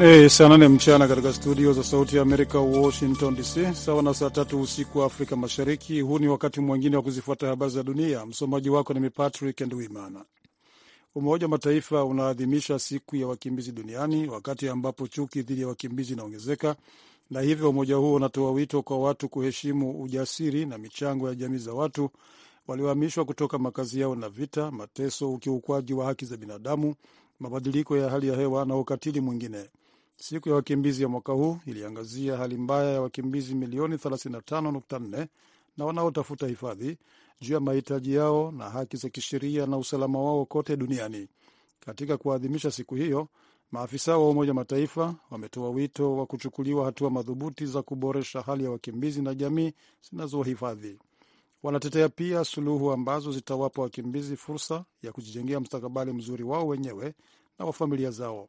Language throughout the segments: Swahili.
Ni saa nane mchana katika studio za Sauti ya Amerika, Washington DC, sawa na saa tatu usiku wa Afrika Mashariki. Huu ni wakati mwingine wa kuzifuata habari za dunia. Msomaji wako ni Patrick Nduimana. Umoja wa Mataifa unaadhimisha siku ya wakimbizi duniani wakati ambapo chuki dhidi ya wakimbizi inaongezeka, na hivyo umoja huo unatoa wito kwa watu kuheshimu ujasiri na michango ya jamii za watu waliohamishwa kutoka makazi yao na vita, mateso, ukiukwaji wa haki za binadamu, mabadiliko ya hali ya hewa na ukatili mwingine. Siku ya wakimbizi ya mwaka huu iliangazia hali mbaya ya wakimbizi milioni 35.4 na wanaotafuta hifadhi juu ya mahitaji yao na haki za kisheria na usalama wao kote duniani. Katika kuadhimisha siku hiyo, maafisa wa Umoja Mataifa wametoa wito wa kuchukuliwa hatua madhubuti za kuboresha hali ya wakimbizi na jamii zinazowahifadhi. Wanatetea pia suluhu ambazo zitawapa wakimbizi fursa ya kujijengea mstakabali mzuri wao wenyewe na wa familia zao.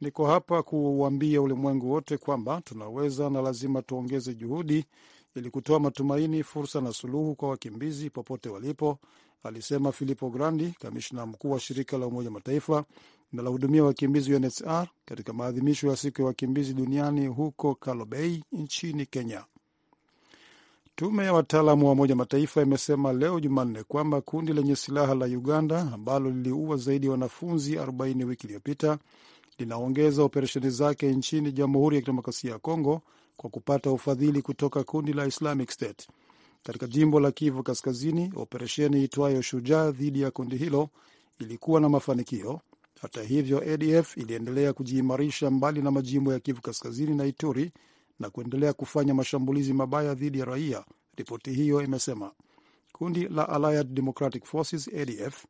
Niko hapa kuuambia ulimwengu wote kwamba tunaweza na lazima tuongeze juhudi ili kutoa matumaini, fursa na suluhu kwa wakimbizi popote walipo, alisema Filippo Grandi, kamishna mkuu wa shirika la Umoja Mataifa nalohudumia wakimbizi UNHCR katika maadhimisho ya siku ya wakimbizi duniani huko Kalobei nchini Kenya. Tume ya wataalamu wa Umoja Mataifa imesema leo Jumanne kwamba kundi lenye silaha la Uganda ambalo liliua zaidi ya wanafunzi 40 wiki iliyopita linaongeza operesheni zake nchini Jamhuri ya Kidemokrasia ya Kongo kwa kupata ufadhili kutoka kundi la Islamic State. Katika jimbo la Kivu Kaskazini, operesheni itwayo Shujaa dhidi ya kundi hilo ilikuwa na mafanikio. Hata hivyo, ADF iliendelea kujiimarisha mbali na majimbo ya Kivu Kaskazini na Ituri na kuendelea kufanya mashambulizi mabaya dhidi ya raia, ripoti hiyo imesema. Kundi la Allied Democratic Forces, ADF,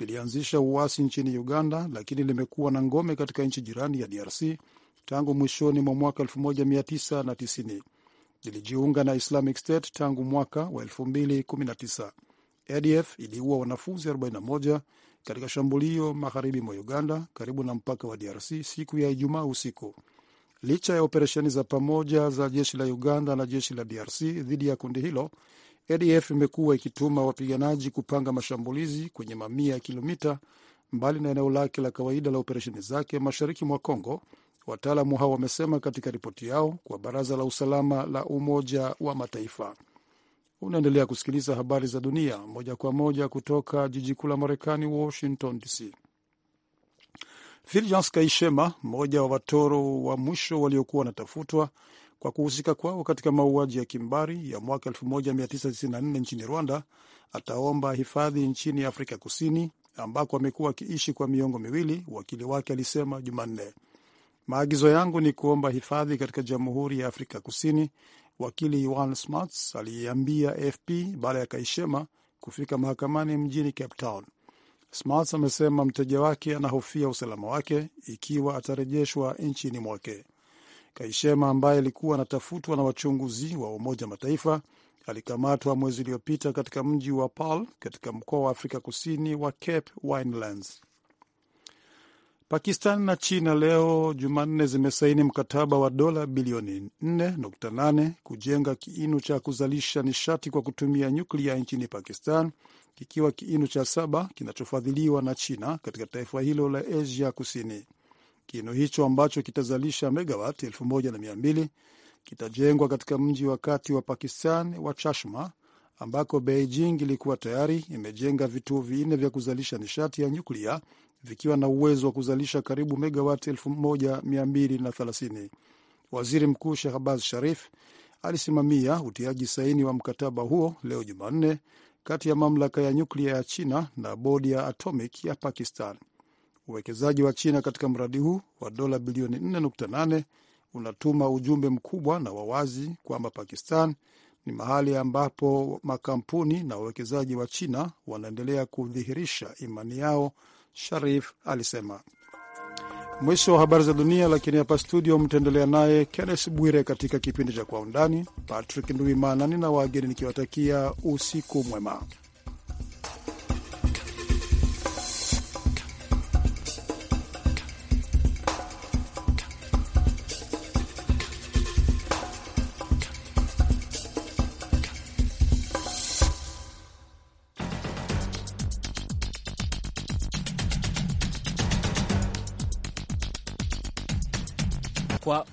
lilianzisha uasi nchini Uganda, lakini limekuwa na ngome katika nchi jirani ya DRC tangu mwishoni mwa mwaka 1990. Lilijiunga na Islamic State tangu mwaka wa 2019. ADF iliua wanafunzi 41 katika shambulio magharibi mwa Uganda, karibu na mpaka wa DRC siku ya Ijumaa usiku. Licha ya operesheni za pamoja za jeshi la Uganda na jeshi la DRC dhidi ya kundi hilo, ADF imekuwa ikituma wapiganaji kupanga mashambulizi kwenye mamia ya kilomita mbali na eneo lake la kawaida la operesheni zake mashariki mwa congo wataalamu hao wamesema katika ripoti yao kwa Baraza la Usalama la Umoja wa Mataifa. Unaendelea kusikiliza habari za dunia moja kwa moja kutoka jiji kuu la Marekani, Washington DC. Fulgence Kaishema, mmoja wa watoro wa mwisho waliokuwa wanatafutwa kwa kuhusika kwao katika mauaji ya kimbari ya mwaka 1994 nchini Rwanda ataomba hifadhi nchini Afrika Kusini ambako amekuwa akiishi kwa miongo miwili, wakili wake alisema Jumanne. Maagizo yangu ni kuomba hifadhi katika Jamhuri ya Afrika Kusini, wakili Iwan Smarts aliiambia AFP baada ya Kaishema kufika mahakamani mjini Cape Town. Smarts amesema mteja wake anahofia usalama wake ikiwa atarejeshwa nchini mwake. Kaishema ambaye alikuwa anatafutwa na wachunguzi wa Umoja Mataifa alikamatwa mwezi uliopita katika mji wa Paarl katika mkoa wa Afrika Kusini wa Cape Winelands. Pakistan na China leo Jumanne zimesaini mkataba wa dola bilioni 4.8 kujenga kiinu cha kuzalisha nishati kwa kutumia nyuklia nchini Pakistan, kikiwa kiinu cha saba kinachofadhiliwa na China katika taifa hilo la Asia Kusini. Kinu hicho ambacho kitazalisha megawati 1200 kitajengwa katika mji wa kati wa Pakistan wa Chashma, ambako Beijing ilikuwa tayari imejenga vituo vinne vya kuzalisha nishati ya nyuklia vikiwa na uwezo wa kuzalisha karibu megawati 1230. Waziri Mkuu Shahbaz Sharif alisimamia utiaji saini wa mkataba huo leo Jumanne, kati ya mamlaka ya nyuklia ya China na bodi ya atomic ya Pakistan. Uwekezaji wa China katika mradi huu wa dola bilioni 4.8 unatuma ujumbe mkubwa na wawazi kwamba Pakistan ni mahali ambapo makampuni na wawekezaji wa China wanaendelea kudhihirisha imani yao, Sharif alisema. Mwisho wa habari za dunia, lakini hapa studio mtaendelea naye Kennes Bwire katika kipindi cha Kwa Undani. Patrick Nduimana nina wageni nikiwatakia usiku mwema.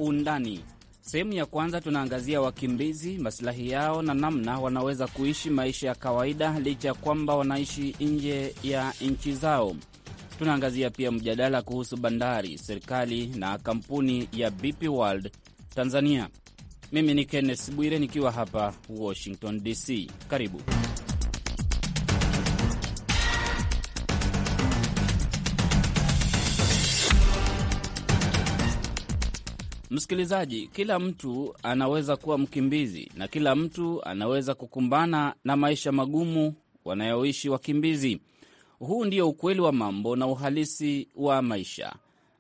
undani. Sehemu ya kwanza tunaangazia wakimbizi, masilahi yao na namna wanaweza kuishi maisha ya kawaida licha ya kwamba wanaishi nje ya nchi zao. Tunaangazia pia mjadala kuhusu bandari, serikali na kampuni ya BP World Tanzania. Mimi ni Kenneth Bwire nikiwa hapa Washington DC. Karibu. Msikilizaji, kila mtu anaweza kuwa mkimbizi na kila mtu anaweza kukumbana na maisha magumu wanayoishi wakimbizi. Huu ndio ukweli wa mambo na uhalisi wa maisha.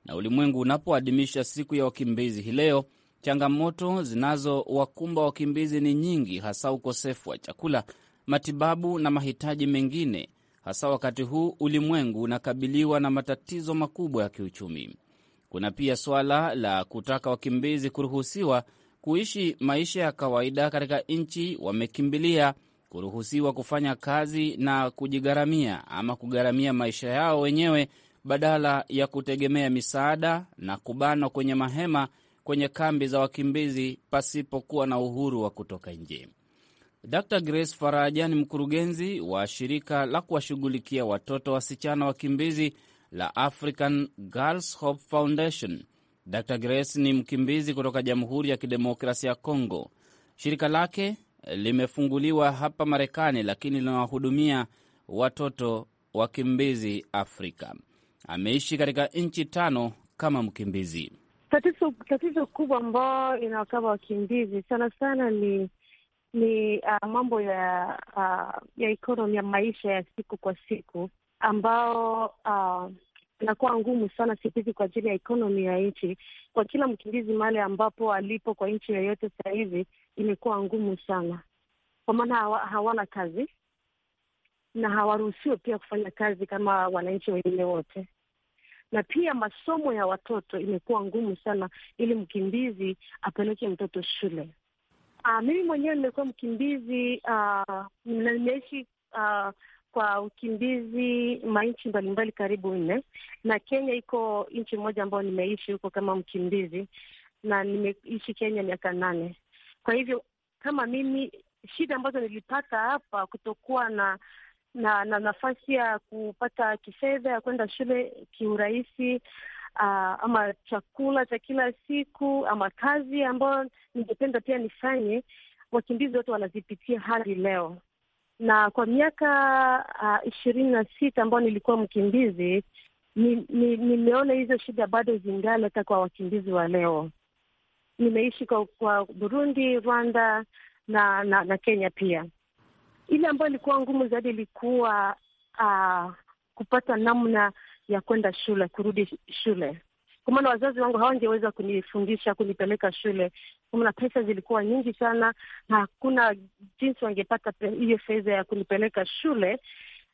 Na ulimwengu unapoadhimisha siku ya wakimbizi hii leo, changamoto zinazowakumba wakimbizi ni nyingi, hasa ukosefu wa chakula, matibabu na mahitaji mengine, hasa wakati huu ulimwengu unakabiliwa na matatizo makubwa ya kiuchumi. Kuna pia suala la kutaka wakimbizi kuruhusiwa kuishi maisha ya kawaida katika nchi wamekimbilia, kuruhusiwa kufanya kazi na kujigharamia ama kugharamia maisha yao wenyewe badala ya kutegemea misaada na kubanwa kwenye mahema kwenye kambi za wakimbizi pasipokuwa na uhuru wa kutoka nje. Dr Grace Faraja ni mkurugenzi wa shirika la kuwashughulikia watoto wasichana wakimbizi la African Girls Hope Foundation. Dr Grace ni mkimbizi kutoka Jamhuri ya Kidemokrasia ya congo Shirika lake limefunguliwa hapa Marekani, lakini linawahudumia watoto wakimbizi Afrika. Ameishi katika nchi tano kama mkimbizi. Tatizo, tatizo kubwa ambayo inawakaba wakimbizi sana sana ni ni uh, mambo ya uh, ya ekonomi ya maisha ya siku kwa siku ambao uh, inakuwa ngumu sana siku hizi kwa ajili ya ekonomi ya nchi. Kwa kila mkimbizi mahali ambapo alipo kwa nchi yoyote sahizi imekuwa ngumu sana, kwa maana hawa, hawana kazi na hawaruhusiwe pia kufanya kazi kama wananchi wengine wote, na pia masomo ya watoto imekuwa ngumu sana, ili mkimbizi apeleke mtoto shule. Aa, ah, mimi mwenyewe nimekuwa mkimbizi ah, na nimeishi kwa ukimbizi manchi mbalimbali karibu nne, na Kenya iko nchi moja ambayo nimeishi huko kama mkimbizi, na nimeishi Kenya miaka nane. Kwa hivyo kama mimi, shida ambazo nilipata hapa, kutokuwa na na na nafasi ya kupata kifedha ya kwenda shule kiurahisi, uh, ama chakula cha kila siku ama kazi ambayo ningependa pia nifanye, wakimbizi wote wanazipitia hadi leo na kwa miaka ah, ishirini uh, na sita ambayo nilikuwa mkimbizi nimeona ni, ni hizo shida bado zingali hata kwa wakimbizi wa leo. Nimeishi kwa, kwa Burundi, Rwanda na na, na Kenya pia. Ile ambayo ilikuwa ngumu zaidi ilikuwa uh, kupata namna ya kwenda shule, kurudi shule kwa maana wazazi wangu hawangeweza kunifundisha kunipeleka shule, kwa maana pesa zilikuwa nyingi sana, na hakuna jinsi wangepata hiyo fedha ya kunipeleka shule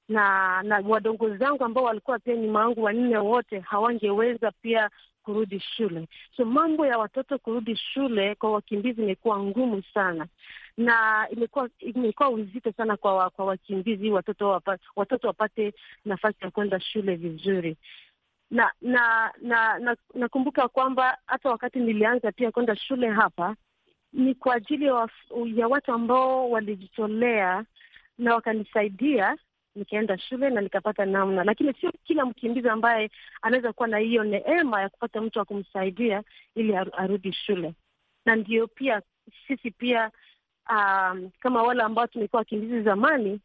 na na wadongo zangu ambao walikuwa pia nyuma wangu wanne wote hawangeweza pia kurudi shule. So mambo ya watoto kurudi shule kwa wakimbizi imekuwa ngumu sana, na imekuwa imekuwa uzito sana kwa kwa wakimbizi watoto wapa, watoto wapate nafasi ya kwenda shule vizuri na na na nakumbuka na kwamba hata wakati nilianza pia kwenda shule hapa ni kwa ajili ya, ya watu ambao walijitolea na wakanisaidia nikaenda shule na nikapata namna, lakini sio kila mkimbizi ambaye anaweza kuwa na hiyo neema ya kupata mtu wa kumsaidia ili arudi shule. Na ndio pia sisi pia um, kama wale ambao tumekuwa wakimbizi zamani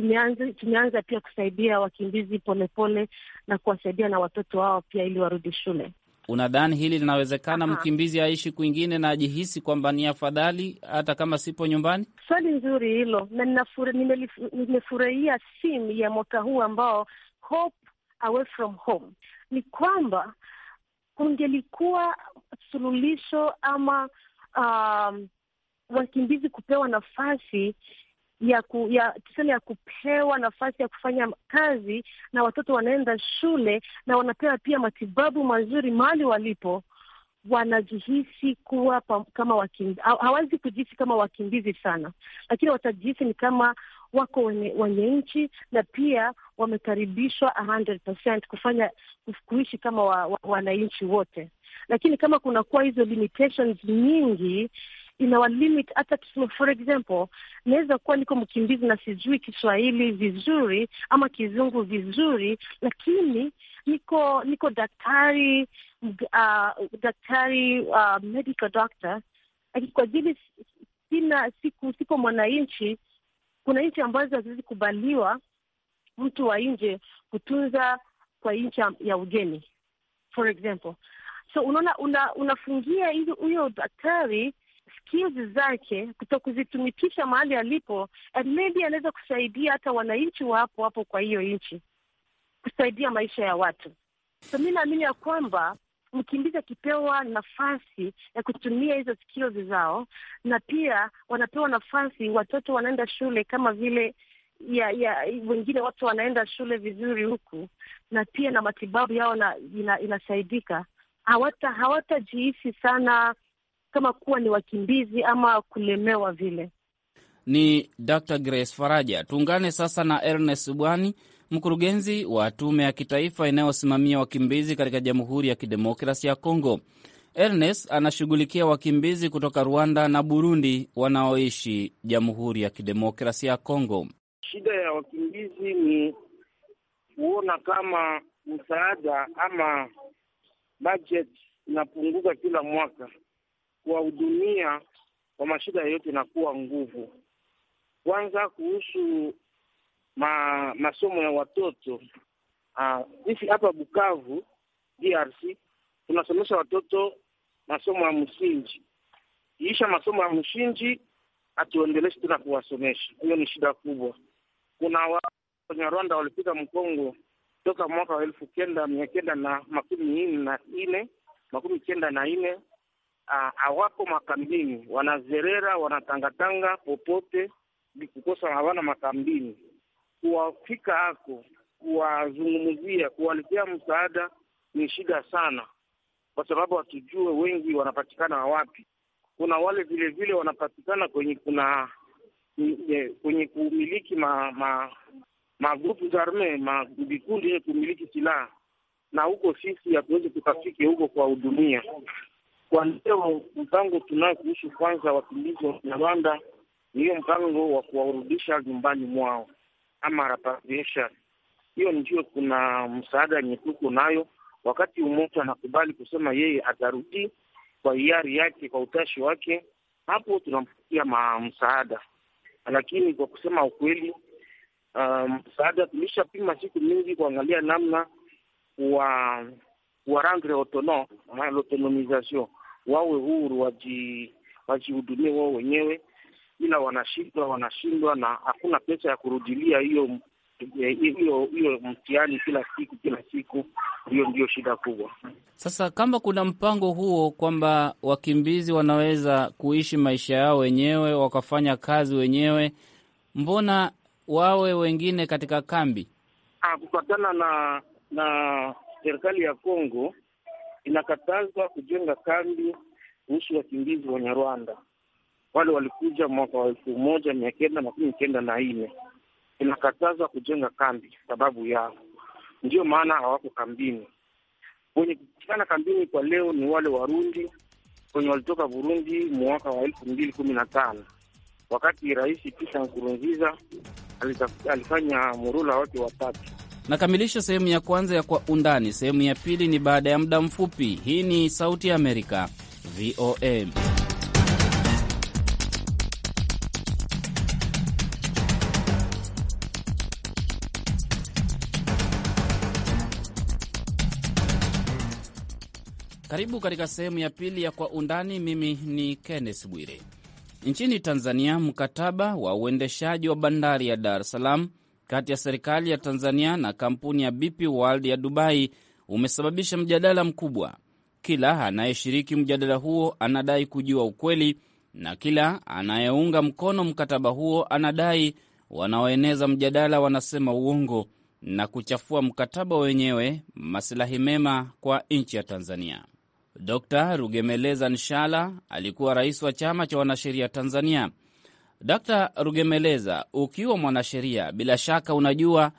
tumeanza tumeanza pia kusaidia wakimbizi polepole pole, na kuwasaidia na watoto wao pia ili warudi shule. Unadhani hili linawezekana, mkimbizi aishi kwingine na ajihisi kwamba ni afadhali hata kama sipo nyumbani? Swali nzuri hilo, na nimefurahia simu ya mwaka huu ambao hope away from home, ni kwamba kungelikuwa suluhisho ama um, wakimbizi kupewa nafasi ya ku, ya tuseme ya kupewa nafasi ya kufanya kazi, na watoto wanaenda shule na wanapewa pia matibabu mazuri mahali walipo, wanajihisi kuwa kama wakimbizi. Hawawezi kujihisi kama wakimbizi sana, lakini watajihisi ni kama wako wenye, wenye nchi na pia wamekaribishwa 100% kufanya kuishi kama wananchi wa, wananchi wote, lakini kama kunakuwa hizo limitations nyingi inawalimit hata tuseme, for example, naweza kuwa niko mkimbizi na sijui Kiswahili vizuri ama Kizungu vizuri, lakini niko niko daktari uh, daktari uh, medical doctor kwa ajili sina siku siko mwananchi. Kuna nchi ambazo haziwezi kubaliwa mtu wa nje kutunza kwa nchi ya ugeni, for example. So unaona, unafungia una huyo daktari skills zake kutokuzitumikisha mahali alipo, and maybe anaweza kusaidia hata wananchi wa hapo hapo kwa hiyo nchi, kusaidia maisha ya watu. So mi naamini ya kwamba mkimbizi akipewa nafasi ya kutumia hizo skills zao, na pia wanapewa nafasi, watoto wanaenda shule kama vile ya, ya wengine watu wanaenda shule vizuri huku, na pia na matibabu yao na, ina, inasaidika, hawata hawatajihisi sana kama kuwa ni wakimbizi ama kulemewa vile. Ni Dr. Grace Faraja. Tuungane sasa na Ernest Bwani, mkurugenzi wa tume ya kitaifa inayosimamia wakimbizi katika Jamhuri ya Kidemokrasi ya Kongo. Ernest anashughulikia wakimbizi kutoka Rwanda na Burundi wanaoishi Jamhuri ya Kidemokrasi ya Kongo. Shida ya wakimbizi ni kuona kama msaada ama budget inapunguka kila mwaka kuwahudumia kwa mashida yote inakuwa nguvu. Kwanza kuhusu ma, masomo ya watoto ah, sisi uh, hapa Bukavu DRC tunasomesha watoto masomo ya msingi. Kiisha masomo ya msingi hatuendeleshi tena kuwasomesha, hiyo ni shida kubwa. Kuna rwanda walifika Mkongo toka mwaka wa elfu kenda mia kenda na makumi na nne makumi kenda na nne Ah, hawako makambini, wanazerera wanatangatanga popote, kukosa hawana makambini. Kuwafika hako kuwazungumzia, kuwaletea msaada ni shida sana, kwa sababu hatujue wengi wanapatikana wapi. Kuna wale vile vile wanapatikana kwenye kuna e, kwenye kumiliki ma, ma, magrupu za arme ma vikundi yenye kumiliki silaha, na huko sisi hatuwezi tukafike huko kuwahudumia kwa leo mpango tunao kuhusu kwanza wakimbizi wa Kinyarwanda ni hiyo mpango wa kuwarudisha nyumbani mwao ama repatriation. Hiyo ndio kuna msaada yenye tuko nayo, wakati umoja anakubali kusema yeye atarudi kwa hiari yake, kwa utashi wake, hapo tunampatia msaada. Lakini kwa kusema ukweli, uh, msaada um, tulishapima siku mingi kuangalia namna wa warangre autonom autonomisation wawe huru, waji wajihudumie wao wenyewe, ila wanashindwa, wanashindwa na hakuna pesa ya kurudilia hiyo eh, hiyo hiyo mtihani kila siku kila siku. Hiyo ndio shida kubwa. Sasa kama kuna mpango huo kwamba wakimbizi wanaweza kuishi maisha yao wenyewe wakafanya kazi wenyewe, mbona wawe wengine katika kambi? Ah, kufuatana na na serikali ya Kongo inakatazwa kujenga kambi kuhusu wakimbizi wenye rwanda wale walikuja mwaka wa elfu moja mia kenda makumi kenda na nne. Inakatazwa kujenga kambi sababu yao, ndiyo maana hawako kambini. Wenye kupatikana kambini kwa leo ni wale Warundi wenye walitoka Burundi mwaka wa elfu mbili kumi na tano wakati Rais Pierre Nkurunziza alifanya murula wake watatu Nakamilisha sehemu ya kwanza ya Kwa Undani. Sehemu ya pili ni baada ya muda mfupi. Hii ni Sauti ya Amerika, VOA. Karibu katika sehemu ya pili ya Kwa Undani. Mimi ni Kenneth Bwire. Nchini Tanzania, mkataba wa uendeshaji wa bandari ya Dar es Salaam kati ya serikali ya Tanzania na kampuni ya BP World ya Dubai umesababisha mjadala mkubwa. Kila anayeshiriki mjadala huo anadai kujua ukweli na kila anayeunga mkono mkataba huo anadai wanaoeneza mjadala wanasema uongo na kuchafua mkataba wenyewe, masilahi mema kwa nchi ya Tanzania. Dr Rugemeleza Nshala alikuwa rais wa chama cha wanasheria Tanzania. Dkt. Rugemeleza, ukiwa mwanasheria, bila shaka unajua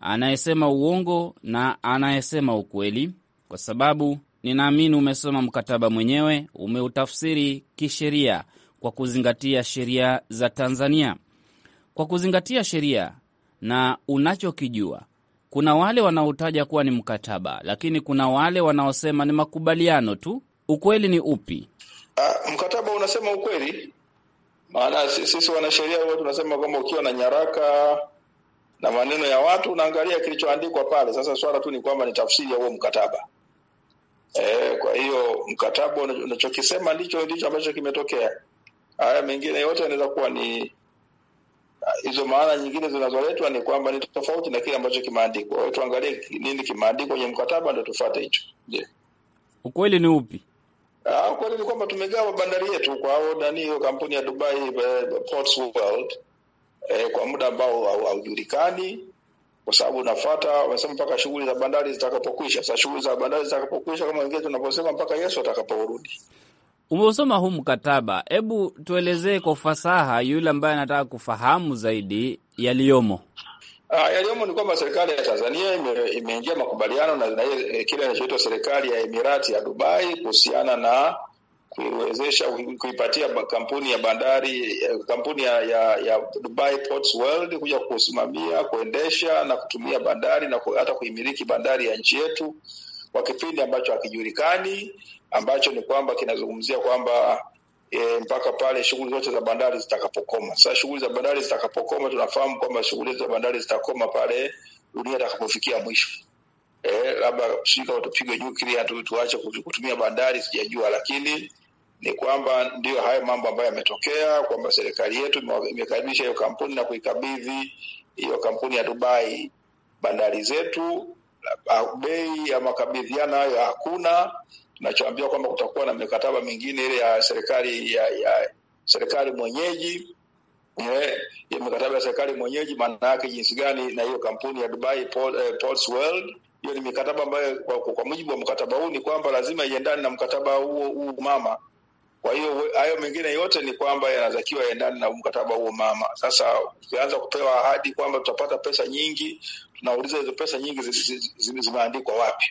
anayesema uongo na anayesema ukweli, kwa sababu ninaamini umesoma mkataba mwenyewe, umeutafsiri kisheria kwa kuzingatia sheria za Tanzania. Kwa kuzingatia sheria na unachokijua, kuna wale wanaotaja kuwa ni mkataba, lakini kuna wale wanaosema ni makubaliano tu. Ukweli ni upi? Uh, mkataba unasema ukweli maana sisi wanasheria huwa tunasema kwamba ukiwa na nyaraka na maneno ya watu unaangalia kilichoandikwa pale. Sasa swala tu ni kwamba ni tafsiri ya huo mkataba. E, kwa hiyo mkataba unachokisema ndicho ndicho ambacho kimetokea. Haya mengine yote yanaweza kuwa ni hizo maana nyingine zinazoletwa ni kwamba ni tofauti na kile ambacho kimeandikwa. Tuangalie nini kimeandikwa kwenye mkataba, ndio tufuate hicho. Ndio ukweli ni upi? Ah, kwa nini kwamba tumegawa bandari yetu kwa hao nani, hiyo kampuni ya Dubai eh, Ports World eh, kwa muda ambao haujulikani, kwa sababu unafuata, wamesema mpaka shughuli za bandari zitakapokwisha. Sasa shughuli za bandari zitakapokwisha, kama wengine tunaposema, mpaka Yesu atakaporudi. Umeusoma huu mkataba, hebu tuelezee kwa ufasaha, yule ambaye anataka kufahamu zaidi yaliyomo. Ah, yaliyomo ni kwamba serikali ya Tanzania ime, imeingia makubaliano na, na e, kile inachoitwa serikali ya Emirati ya Dubai kuhusiana na kuiwezesha kuipatia kampuni ya bandari eh, kampuni ya, ya, ya Dubai Ports World kuja kusimamia kuendesha na kutumia bandari na hata kuimiliki bandari ya nchi yetu kwa kipindi ambacho hakijulikani, ambacho ni kwamba kinazungumzia kwamba e, mpaka pale shughuli zote za bandari zitakapokoma. Sasa shughuli za bandari zitakapokoma, tunafahamu kwamba shughuli za bandari zitakoma pale dunia itakapofikia mwisho. E, labda sika juu nyuklia tu tuache kutumia bandari, sijajua, lakini ni kwamba ndiyo hayo mambo ambayo yametokea, kwamba serikali yetu imekaribisha hiyo kampuni na kuikabidhi hiyo kampuni ya Dubai bandari zetu. Bei ya makabidhiano hayo hakuna Tunachoambiwa kwamba kutakuwa na mikataba mingine ile ya serikali ya, ya serikali mwenyeji eh, ya mikataba ya serikali mwenyeji, maana yake jinsi gani na hiyo kampuni ya Dubai Ports eh, World. Hiyo ni mikataba ambayo kwa, kwa mujibu wa mkataba huu ni kwamba lazima iendane na mkataba huo huu mama. Kwa hiyo hayo mengine yote ni kwamba yanatakiwa yaendane na mkataba huo mama. Sasa tukianza kupewa ahadi kwamba tutapata pesa nyingi, tunauliza hizo pesa nyingi zimeandikwa wapi?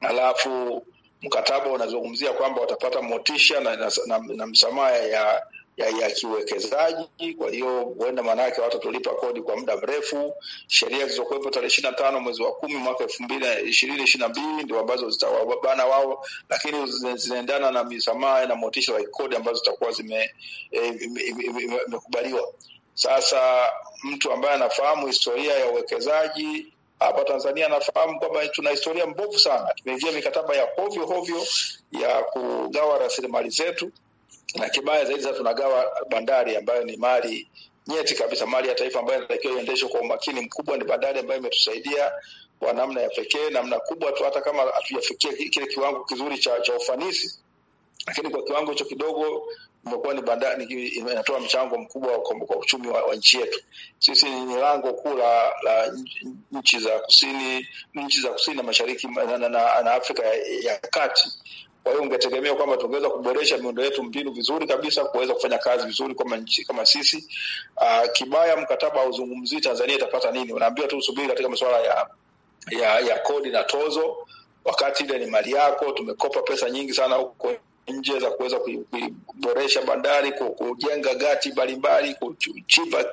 Alafu mkataba unazungumzia kwamba watapata motisha na, na, na, na msamaha ya ya, ya kiwekezaji. Kwa hiyo huenda maanake watatulipa kodi kwa muda mrefu. Sheria zilizokuwepo tarehe ishirini na tano mwezi wa kumi mwaka elfu mbili ishirini ishirini na mbili ndio ambazo zitawabana wao, lakini zinaendana na misamaha na motisha za kikodi ambazo zitakuwa zimekubaliwa. E, Sasa mtu ambaye anafahamu historia ya uwekezaji hapa Tanzania anafahamu kwamba tuna historia mbovu sana. Tumeingia mikataba ya hovyo hovyo ya kugawa rasilimali zetu, na kibaya zaidi sasa tunagawa bandari ambayo ni mali nyeti kabisa, mali ya taifa ambayo inatakiwa iendeshwe kwa umakini mkubwa. Ni bandari ambayo imetusaidia kwa namna ya pekee, namna kubwa tu, hata kama hatujafikia kile kiwango kizuri cha, cha ufanisi lakini kwa kiwango hicho kidogo imekuwa ni bandari, inatoa mchango mkubwa kwa uchumi wa, wa nchi yetu. Sisi ni lango kuu la, nchi za kusini nchi za kusini na mashariki na, na, na Afrika ya, ya kati. Kwa hiyo ungetegemea kwamba tungeweza kuboresha miundo yetu mbinu vizuri kabisa kuweza kufanya kazi vizuri kama nchi kama sisi. Uh, kibaya mkataba hauzungumzii Tanzania itapata nini, unaambiwa tu subiri katika masuala ya, ya ya kodi na tozo, wakati ile ni mali yako. Tumekopa pesa nyingi sana huko nje za kuweza kuiboresha bandari, kujenga gati mbalimbali, kuchimba,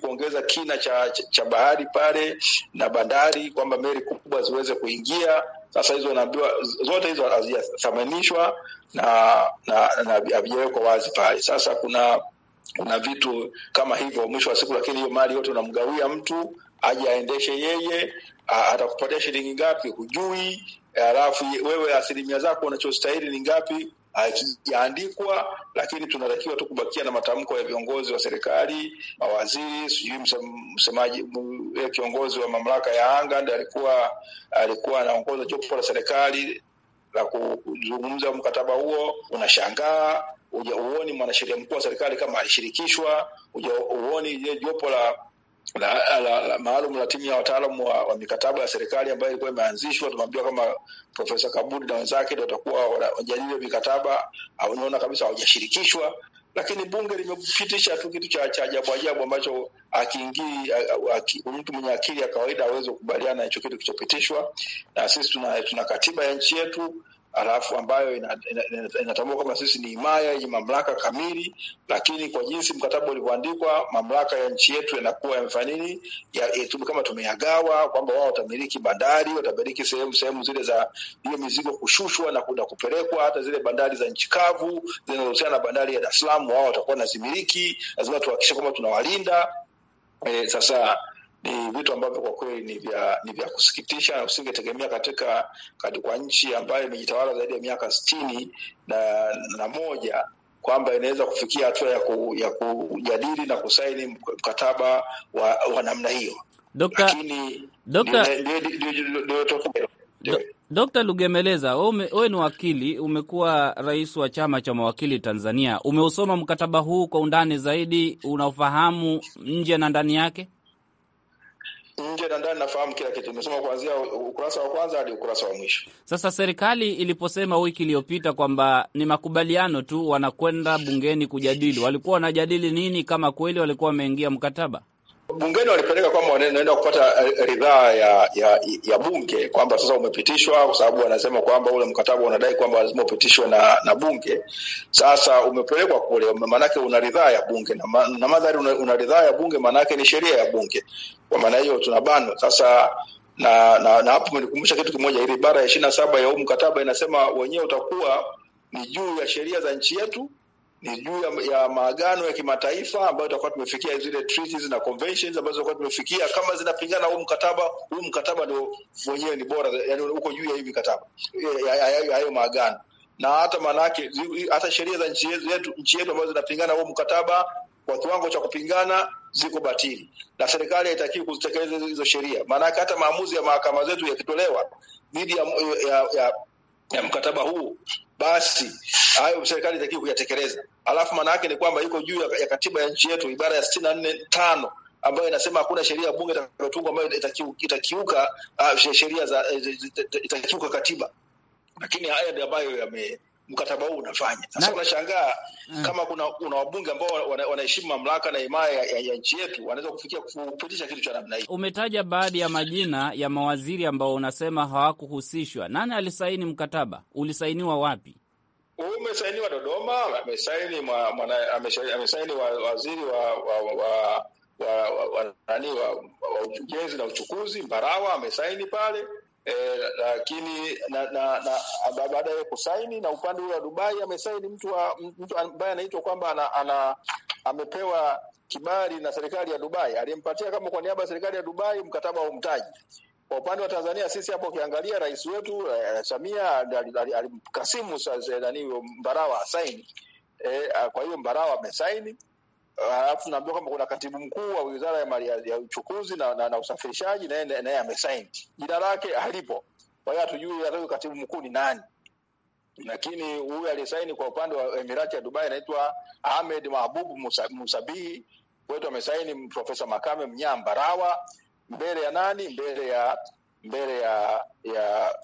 kuongeza kina cha, cha bahari pale na bandari, kwamba meli kubwa ziweze kuingia. Sasa hizo naambiwa zote hizo hazijathamanishwa na na, na havijawekwa wazi pale. Sasa kuna kuna vitu kama hivyo mwisho wa siku, lakini hiyo mali yote unamgawia mtu aje aendeshe yeye, atakupatia shilingi ngapi hujui. Halafu wewe asilimia zako unachostahili ni ngapi akijaandikwa lakini tunatakiwa tu kubakia na matamko ya viongozi wa serikali, mawaziri, sijui msemaji, e, kiongozi wa mamlaka ya anga ndiye alikuwa alikuwa anaongoza jopo la serikali la kuzungumza mkataba huo. Unashangaa uoni mwanasheria mkuu wa serikali kama alishirikishwa, hujauoni je jopo la la, la, la maalum la timu ya wataalamu wa, wa mikataba ya serikali ambayo ilikuwa imeanzishwa. Tumeambiwa kama Profesa Kabudi na wenzake ndio watakuwa wanajadili mikataba, aunaona kabisa hawajashirikishwa, lakini bunge limepitisha tu kitu cha ajabu ajabu ambacho akiingii mtu mwenye akili ya kawaida aweze kukubaliana hicho kitu kilichopitishwa. Na sisi tuna, tuna katiba ya nchi yetu halafu ambayo inatambua ina, ina, ina kwamba sisi ni himaya yenye mamlaka kamili, lakini kwa jinsi mkataba ulivyoandikwa mamlaka ya nchi yetu yanakuwa yamefanya nini ya, ya, kama tumeyagawa kwamba wao watamiliki bandari, watamiliki sehemu sehemu zile za hiyo mizigo kushushwa na kuda kupelekwa, hata zile bandari za nchi kavu zinazohusiana na bandari ya Dar es Salaam wao watakuwa nazimiliki. Lazima tuhakikishe kwamba tunawalinda. E, sasa ni vitu ambavyo kwa kweli ni vya ni vya kusikitisha na usingetegemea katika, katika kwa nchi ambayo imejitawala zaidi ya miaka sitini na, na moja kwamba inaweza kufikia hatua ya, ku, ya kujadili na kusaini mkataba wa, wa namna hiyo. Dokta Lugemeleza, wewe ni wakili, umekuwa rais wa chama cha mawakili Tanzania. Umeusoma mkataba huu kwa undani zaidi, unaofahamu nje na ndani yake? nje na ndani nafahamu kila kitu, nimesoma kuanzia ukurasa wa kwanza hadi ukurasa wa mwisho. Sasa serikali iliposema wiki iliyopita kwamba ni makubaliano tu, wanakwenda bungeni kujadili, walikuwa wanajadili nini kama kweli walikuwa wameingia mkataba? bungeni walipeleka kwamba wanaenda kupata eh, ridhaa ya, ya ya bunge kwamba sasa umepitishwa, kwa sababu wanasema kwamba ule mkataba unadai kwamba lazima upitishwe na, na bunge. Sasa umepelekwa kule, maanake una ridhaa ya bunge na, na madhari una, una ridhaa ya bunge, maanake ni sheria ya bunge. Kwa maana hiyo tunabanwa sasa na, na, na hapo umenikumbusha kitu kimoja. ili ibara ya ishirini na saba ya huu mkataba inasema wenyewe utakuwa ni juu ya sheria za nchi yetu ni juu ya, ya maagano ya kimataifa ambayo tutakuwa tumefikia zile treaties na conventions ambazo tutakuwa tumefikia, kama zinapingana huu mkataba huu mkataba ndio wenyewe ni bora, yani uko juu ya hivi mkataba hayo maagano, na hata maanake hata sheria za nchi yetu nchi yetu ambazo zinapingana huu mkataba kwa kiwango cha kupingana ziko batili, na serikali haitakiwi kuzitekeleza hizo sheria. Maanake hata maamuzi ya mahakama zetu yakitolewa dhidi ya, ya, ya ya mkataba huu, basi hayo serikali itakiwa kuyatekeleza. Alafu maana yake ni kwamba iko juu ya katiba ya nchi yetu, ibara ya sitini na nne tano ambayo inasema hakuna sheria ya bunge itakayotungwa ambayo itakiuka ah, sheria za eh, itakiuka katiba. Lakini haya ndio ambayo yame mkataba huu unafanya. Sasa unashangaa mm, kama kuna una wabunge ambao wanaheshimu mamlaka na himaya ya, ya, ya nchi yetu wanaweza kufikia kupitisha kitu cha namna hii. Umetaja baadhi ya majina ya mawaziri ambao unasema hawakuhusishwa. Nani alisaini mkataba? Ulisainiwa wapi? Umesainiwa Dodoma, amesaini amesaini waziri wa wa wa ujenzi na uchukuzi Mbarawa, amesaini pale E, lakini na, na, na baada ya kusaini na upande huo wa Dubai amesaini mtu ambaye anaitwa kwamba ana, ana amepewa kibali na serikali ya Dubai, aliyempatia kama kwa niaba ya serikali ya Dubai mkataba wa umtaji. Kwa upande wa Tanzania sisi hapo ukiangalia rais wetu eh, Samia alimkasimu nani Mbarawa asaini eh, kwa hiyo Mbarawa amesaini alafu naambiwa kwamba kuna katibu mkuu wa wizara ya mali ya uchukuzi na, na, na usafirishaji naye na, na amesaini, jina lake halipo. Kwa hiyo hatujui hata huyu katibu mkuu ni nani, lakini huyu aliyesaini kwa upande wa Emirati ya Dubai anaitwa Ahmed Mahbubu Musa, Musabihi wetu amesaini Profesa Makame Mnyamba Rawa mbele ya nani? Mbele ya mbele ya ya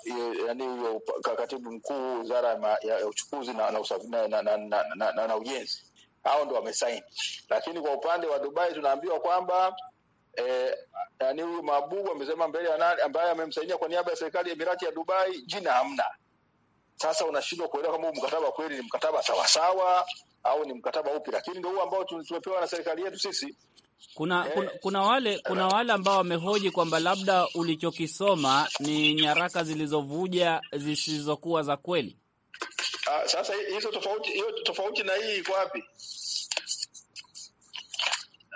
yaani huyo katibu mkuu wizara ya, ya uchukuzi na na, na, na, na, na, na, na ujenzi hao ndo wamesaini. Lakini kwa upande wa Dubai tunaambiwa kwamba eh, yani huyu Mabugu amesema mbele ya nani ambaye amemsainia kwa niaba ya serikali ya Emirati ya Dubai jina hamna. Sasa unashindwa kuelewa kama huu mkataba kweli ni mkataba sawasawa au ni mkataba upi, lakini ndio huu ambao tumepewa na serikali yetu sisi. Kuna, eh, kuna, kuna wale kuna wale ambao wamehoji kwamba labda ulichokisoma ni nyaraka zilizovuja zisizokuwa za kweli. Ah, sasa hizo tofauti hiyo tofauti na hii iko wapi?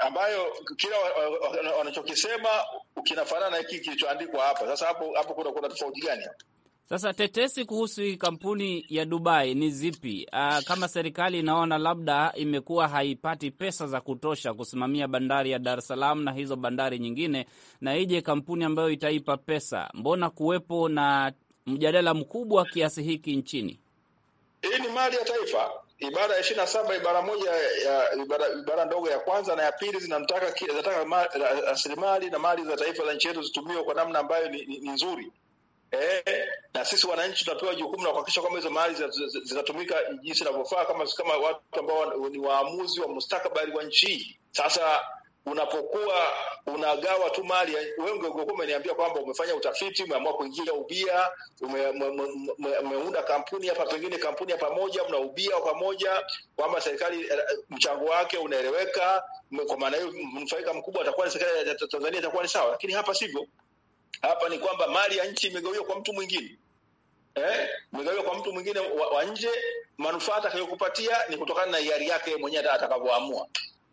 ambayo kila wanachokisema kinafanana na hiki kilichoandikwa hapa. Sasa hapo hapo kuna kuna tofauti gani hapo? Sasa tetesi kuhusu kampuni ya Dubai ni zipi? Aa, ah, kama serikali inaona labda imekuwa haipati pesa za kutosha kusimamia bandari ya Dar es Salaam na hizo bandari nyingine, na ije kampuni ambayo itaipa pesa, mbona kuwepo na mjadala mkubwa kiasi hiki nchini? Hii ni mali ya taifa. Ibara ya ishirini na saba ibara moja ya ibara, ibara ndogo ya kwanza na ya pili zinamtaka zinataka rasilimali na mali za taifa za nchi yetu zitumiwe kwa namna ambayo ni, ni, ni nzuri eh, na sisi wananchi tunapewa jukumu la kuhakikisha kwamba hizo mali zinatumika jinsi inavyofaa, kama kama watu ambao ni waamuzi wa mustakabali wa nchi hii. Sasa unapokuwa unagawa tu mali, wewe ungekuwa umeniambia kwamba umefanya utafiti, umeamua kuingia ubia, umeunda kampuni hapa, pengine kampuni ya pamoja, mna ubia pamoja, kwamba serikali eh, mchango wake unaeleweka. Kwa maana hiyo mnufaika mkubwa atakuwa ni serikali ya Tanzania, itakuwa ni sawa. Lakini hapa sivyo, hapa ni kwamba mali ya nchi imegawiwa kwa mtu mwingine eh, imegawiwa kwa mtu mwingine wa, wa nje. Manufaa atakayokupatia ni kutokana na hiari yake mwenyewe atakavyoamua.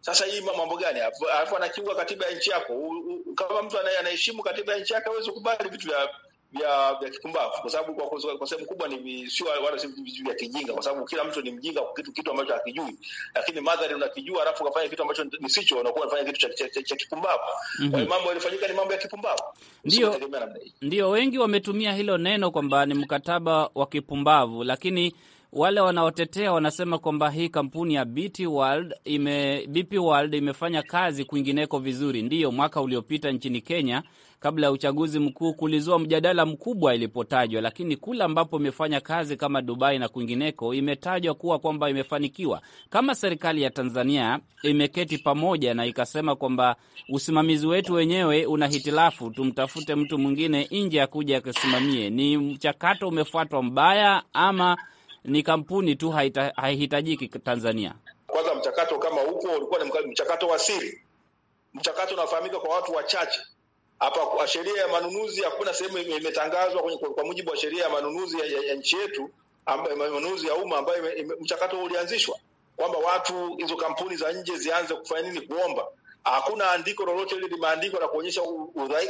Sasa hii mambo gani? Alafu anakiuka katiba ya nchi yako. Kama mtu anaheshimu katiba ya nchi yake hawezi kukubali vitu vya vya vya kikumbavu, kwa sababu kwa kwa sehemu kubwa ni sio wala si vitu vya kijinga, kwa sababu kila mtu ni mjinga kwa kitu kitu ambacho hakijui, lakini madhari unakijua, alafu ukafanya kitu ambacho ni sicho, unakuwa unafanya kitu cha cha, cha kipumbavu. mm -hmm. mambo yalifanyika ni mambo ya kipumbavu, ndio ndio wengi wametumia hilo neno kwamba ni mkataba wa kipumbavu, lakini wale wanaotetea wanasema kwamba hii kampuni ya BP World, ime, BP World imefanya kazi kwingineko vizuri. Ndiyo, mwaka uliopita nchini Kenya kabla ya uchaguzi mkuu kulizua mjadala mkubwa ilipotajwa, lakini kule ambapo imefanya kazi kama Dubai na kwingineko imetajwa kuwa kwamba imefanikiwa. Kama serikali ya Tanzania imeketi pamoja na ikasema kwamba usimamizi wetu wenyewe una hitilafu, tumtafute mtu mwingine nje akuja akusimamie ni mchakato umefuatwa mbaya ama ni kampuni tu haihitajiki Tanzania? Kwanza mchakato kama huko ulikuwa ni mchakato wa siri, mchakato unafahamika kwa watu wachache. Hapa sheria ya manunuzi hakuna sehemu imetangazwa kwa mujibu wa sheria ya manunuzi ya, ya, ya nchi yetu manunuzi ya umma ambayo mchakato ulianzishwa kwamba watu hizo kampuni za nje zianze kufanya nini, kuomba. Hakuna andiko lolote ile limeandikwa la kuonyesha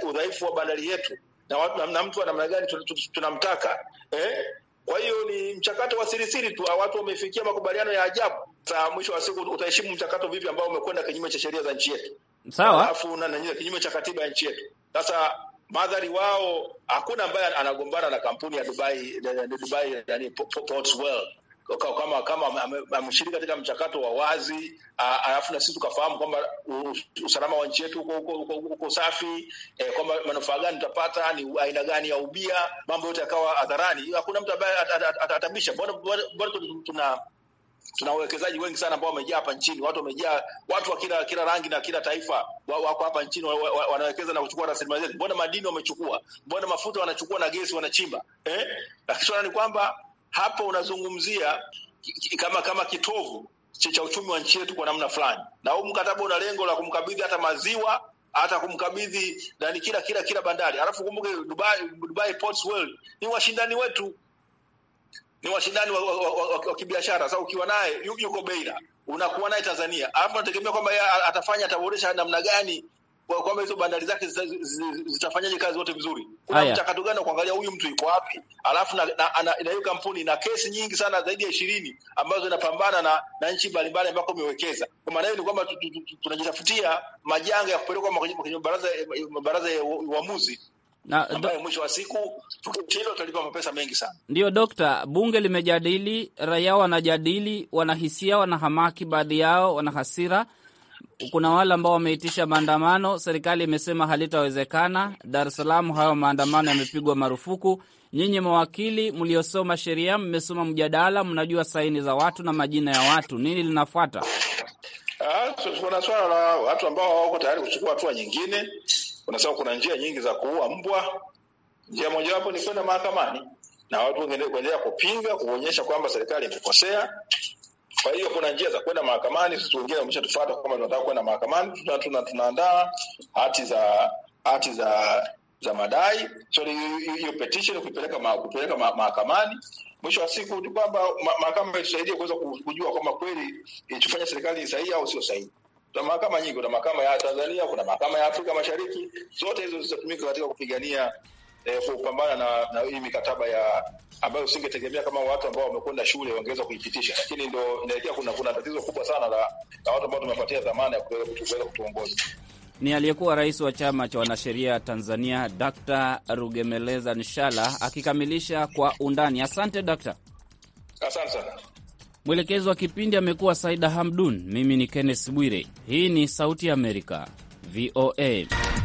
udhaifu wa bandari yetu na na, na mtu wa namna gani tunamtaka eh? Kwa hiyo ni mchakato wa sirisiri tu, watu wamefikia makubaliano ya ajabu. Sa mwisho wa siku utaheshimu mchakato vipi ambao umekwenda kinyume cha sheria za nchi yetu? Sawa, alafu na nanyia kinyume cha katiba ya nchi yetu. Sasa madhari wao, hakuna ambaye anagombana na kampuni ya Dubai, Dubai yani Ports World kama kama ameshiriki katika mchakato wa wazi, alafu na sisi tukafahamu kwamba usalama wa nchi yetu uko safi, eh, kwamba manufaa gani tutapata, ni aina gani ya ubia, mambo yote yakawa hadharani. Hakuna mtu ambaye atabisha. Bora tuna tuna wawekezaji wengi sana ambao wamejaa hapa nchini, watu wamejaa, watu wa kila kila rangi na kila taifa wako hapa nchini, wanawekeza na kuchukua rasilimali zetu. Mbona madini wamechukua, mbona mafuta wanachukua na gesi wanachimba eh? Lakini swala ni kwamba hapo unazungumzia kama kama kitovu cha uchumi wa nchi yetu kwa namna fulani, na huu mkataba una lengo la kumkabidhi hata maziwa hata kumkabidhi ndani kila kila kila bandari. Alafu kumbuke Dubai, Dubai Ports World ni washindani wetu, ni washindani wa, wa, wa, wa, wa kibiashara. Sasa ukiwa naye yuko Beira, unakuwa naye Tanzania, alafu unategemea kwamba atafanya ataboresha namna gani kwamba hizo bandari zake zitafanyaje kazi wote vizuri. Kuna mchakato gani kuangalia huyu mtu yuko wapi? Alafu na, na, na, na hiyo kampuni na kesi nyingi sana zaidi ya ishirini ambazo inapambana na, na nchi mbalimbali ambako imewekeza. Kwa maana hiyo ni kwamba tunajitafutia majanga ya kupelekwa kwenye mabaraza ya uamuzi ambayo mwisho wa siku tukishindwa tutalipa mapesa mengi sana. Ndio dokta, bunge limejadili, raia wanajadili, wanahisia, wanahamaki, baadhi yao wana hasira kuna wale ambao wameitisha maandamano, serikali imesema halitawezekana. Dar es Salaam hayo maandamano yamepigwa marufuku. Nyinyi mawakili mliosoma sheria, mmesoma mjadala, mnajua saini za watu na majina ya watu, nini linafuata? Ah, kuna swala la watu ambao hawako tayari kuchukua hatua nyingine. Unasema kuna njia nyingi za kuua mbwa, njia mojawapo ni kwenda mahakamani na watu wengine kuendelea kupinga, kuonyesha kwamba serikali imekosea. Kwa hiyo kuna njia za kwenda mahakamani. Sisi wengine wameshatufuata kama tunataka kwenda mahakamani, tuna tunaandaa hati za hati za za madai so hiyo petition kupeleka ma, kupeleka mahakamani. Mwisho wa siku ni kwamba mahakama itusaidie kuweza kujua kwamba kweli ilichofanya serikali ni sahihi au sio sahihi. Kuna mahakama nyingi, kuna mahakama ya Tanzania, kuna mahakama ya Afrika Mashariki, zote hizo zitatumika katika kupigania eh, kupambana na, na hii mikataba ya ambayo usingetegemea kama watu ambao wamekwenda shule wangeweza kuipitisha, lakini ndo inaelekea kuna, kuna tatizo kubwa sana la, la watu ambao tumepatia dhamana ya kuweza kutuongoza. Ni aliyekuwa rais wa chama cha wanasheria Tanzania, Dr. Rugemeleza Nshala akikamilisha kwa undani. Asante Dr. Asante sana. Mwelekezi wa kipindi amekuwa Saida Hamdun. Mimi ni Kenneth Bwire. Hii ni Sauti ya Amerika, VOA.